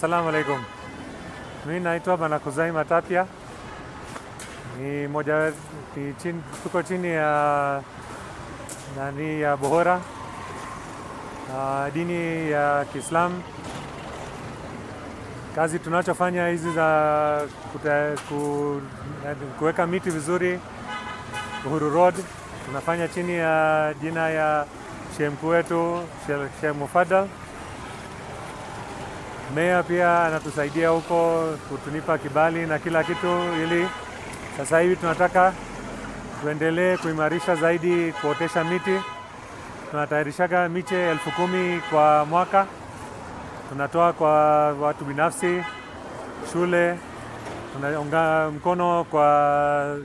Assalamu alaikum. Mimi naitwa Bana Kuzai Matapia. Ni moja ni chin, tuko chini ya nani ya Bohora. Uh, dini ya Kiislamu. Kazi tunachofanya hizi za ku, kuweka miti vizuri Uhuru Road tunafanya chini ya jina ya shemku wetu Sheikh Mufadal Meya pia anatusaidia huko kutunipa kibali na kila kitu, ili sasa hivi tunataka tuendelee kuimarisha zaidi kuotesha miti. Tunatayarishaga miche elfu kumi kwa mwaka, tunatoa kwa watu binafsi, shule, tunaunga mkono kwa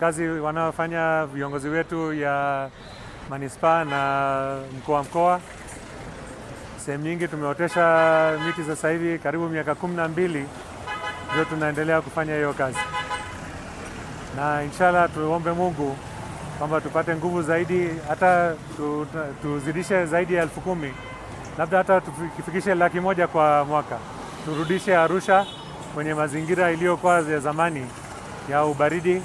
kazi wanaofanya viongozi wetu ya manispaa na mkoa mkoa sehemu nyingi tumeotesha miti sasa hivi karibu miaka kumi na mbili ndio tunaendelea kufanya hiyo kazi, na inshallah tuombe Mungu kwamba tupate nguvu zaidi, hata tuzidishe zaidi ya elfu kumi labda hata tukifikishe laki moja kwa mwaka, turudishe Arusha kwenye mazingira iliyokuwa ya zamani ya ubaridi,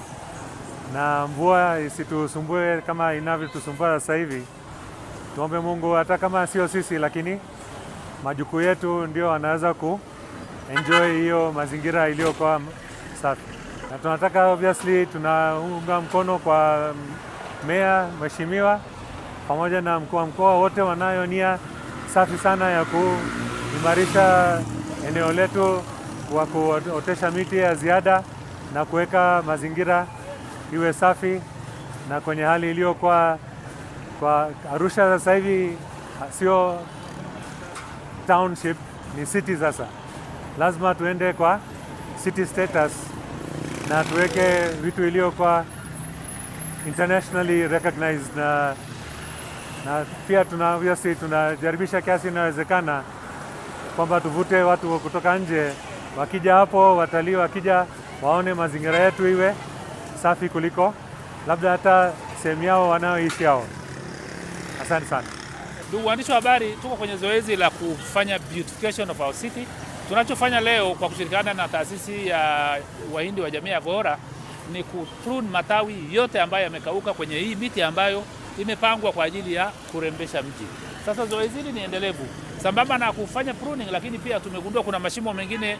na mvua isitusumbue kama inavyotusumbua sasa hivi. Tuombe Mungu hata kama sio sisi, lakini majukuu yetu ndio wanaweza enjoy hiyo mazingira iliyokuwa safi, na tunataka obviously, tunaunga mkono kwa meya mheshimiwa pamoja na mkuu wa mkoa, wote wanayo nia safi sana ya kuimarisha eneo letu kwa kuotesha miti ya ziada na kuweka mazingira iwe safi na kwenye hali iliyokuwa kwa Arusha sasa hivi sio township ni city sasa. Lazima tuende kwa city status na tuweke vitu iliyokuwa internationally recognized na, na pia tuna obviously tunajaribisha kiasi inawezekana kwamba tuvute watu kutoka nje, wakija hapo, watalii wakija waone mazingira yetu iwe safi kuliko labda hata sehemu yao wanayoishi yao. Asante sana. Ndugu waandishi wa habari, tuko kwenye zoezi la kufanya beautification of our city. Tunachofanya leo kwa kushirikiana na taasisi ya Wahindi wa jamii ya Gora ni kuprune matawi yote ambayo yamekauka kwenye hii miti ambayo imepangwa kwa ajili ya kurembesha mji. Sasa zoezi hili ni endelevu sambamba na kufanya pruning, lakini pia tumegundua kuna mashimo mengine,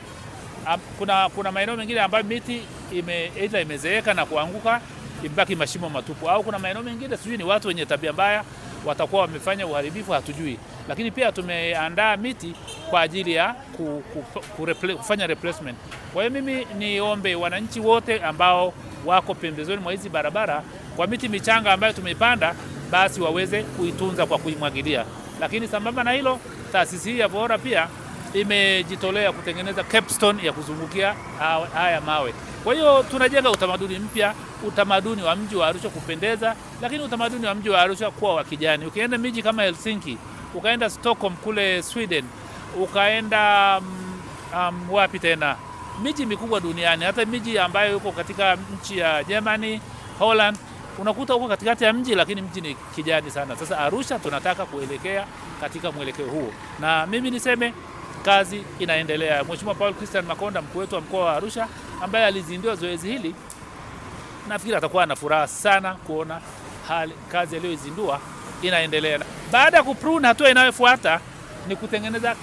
kuna, kuna maeneo mengine ambayo miti ime, aidha imezeeka na kuanguka imebaki mashimo matupu, au kuna maeneo mengine sijui ni watu wenye tabia mbaya watakuwa wamefanya uharibifu, hatujui. Lakini pia tumeandaa miti kwa ajili ya ku, ku, ku repl, kufanya replacement. Kwa hiyo mimi niombe wananchi wote ambao wako pembezoni mwa hizi barabara, kwa miti michanga ambayo tumeipanda, basi waweze kuitunza kwa kuimwagilia. Lakini sambamba na hilo, taasisi hii ya Vohora pia imejitolea kutengeneza capstone ya kuzungukia haya mawe. Kwa hiyo tunajenga utamaduni mpya, utamaduni wa mji wa Arusha kupendeza, lakini utamaduni wa mji wa Arusha kuwa wa kijani. Ukienda miji kama Helsinki, ukaenda Stockholm kule Sweden, ukaenda um, um, wapi tena miji mikubwa duniani, hata miji ambayo yuko katika nchi ya Germany, Holland, unakuta huko katikati ya mji, lakini mji ni kijani sana. Sasa Arusha tunataka kuelekea katika mwelekeo huo, na mimi niseme kazi inaendelea. Mheshimiwa Paul Christian Makonda, mkuu wetu wa mkoa wa Arusha, ambaye alizindua zoezi hili, nafikiri atakuwa na furaha sana kuona hali kazi aliyoizindua inaendelea. Baada ya kuprune, hatua inayofuata ni kutengeneza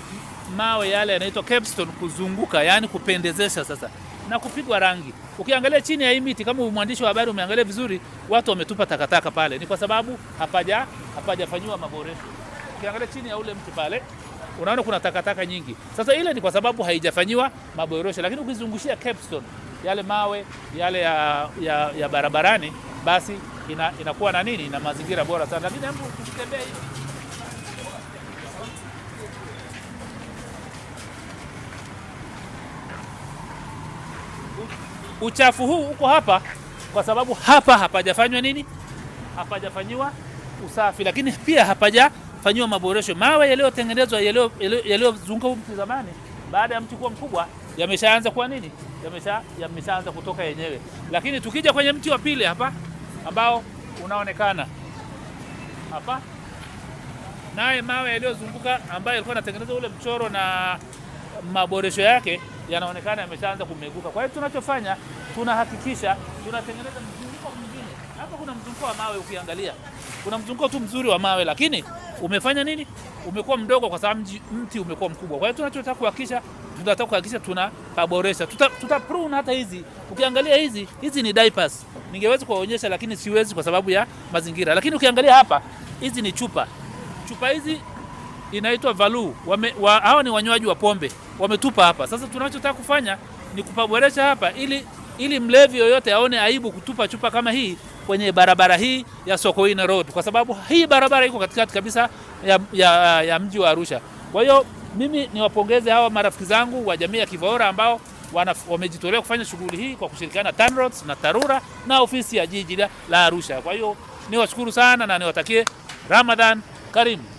mawe yale yanaitwa capstone, kuzunguka, yani kupendezesha sasa na kupigwa rangi. Ukiangalia chini ya hii miti, kama mwandishi wa habari umeangalia vizuri, watu wametupa takataka pale, ni kwa sababu hapaja hapajafanyiwa maboresho. Ukiangalia chini ya ule mti pale unaona kuna takataka nyingi. Sasa ile ni kwa sababu haijafanyiwa maboresho, lakini ukizungushia Capstone yale mawe yale ya, ya, ya barabarani basi ina, inakuwa na nini, ina mazingira bora sana, lakini hebu tukitembea hivi uchafu huu uko hapa kwa sababu hapa hapajafanywa nini, hapajafanyiwa usafi, lakini pia hapaja fanyiwa maboresho. Mawe yaliyotengenezwa yaliyozunguka mti zamani, baada ya mti kuwa mkubwa, yameshaanza kuwa nini, yamesha yameshaanza kutoka yenyewe. Lakini tukija kwenye mti wa pili hapa ambao unaonekana hapa, naye mawe yaliyozunguka ambayo yalikuwa yanatengeneza ule mchoro na maboresho yake yanaonekana yameshaanza kumeguka. Kwa hiyo tunachofanya tunahakikisha tunatengeneza mzunguko mwingine. Hapa kuna mzunguko wa mawe, ukiangalia kuna mzunguko tu mzuri wa mawe, lakini umefanya nini, umekuwa mdogo kwa sababu mti umekuwa mkubwa. Kwa hiyo tunachotaka kuhakikisha tunataka kuhakikisha tunapaboresha, tuta, tuta prune hata hizi. Ukiangalia hizi hizi ni diapers, ningeweza kuwaonyesha lakini siwezi kwa sababu ya mazingira. Lakini ukiangalia hapa, hizi ni chupa, chupa hizi inaitwa Valu. wa, hawa ni wanywaji wa pombe wametupa hapa. Sasa tunachotaka kufanya ni kupaboresha hapa ili, ili mlevi yoyote aone aibu kutupa chupa kama hii kwenye barabara hii ya Sokoine Road, kwa sababu hii barabara iko katikati kabisa ya, ya, ya mji wa Arusha. Kwa hiyo mimi niwapongeze hawa marafiki zangu wa jamii ya Kivaora ambao wamejitolea kufanya shughuli hii kwa kushirikiana na TANROADS na TARURA na ofisi ya jiji la Arusha. Kwa hiyo niwashukuru sana na niwatakie Ramadhan karimu.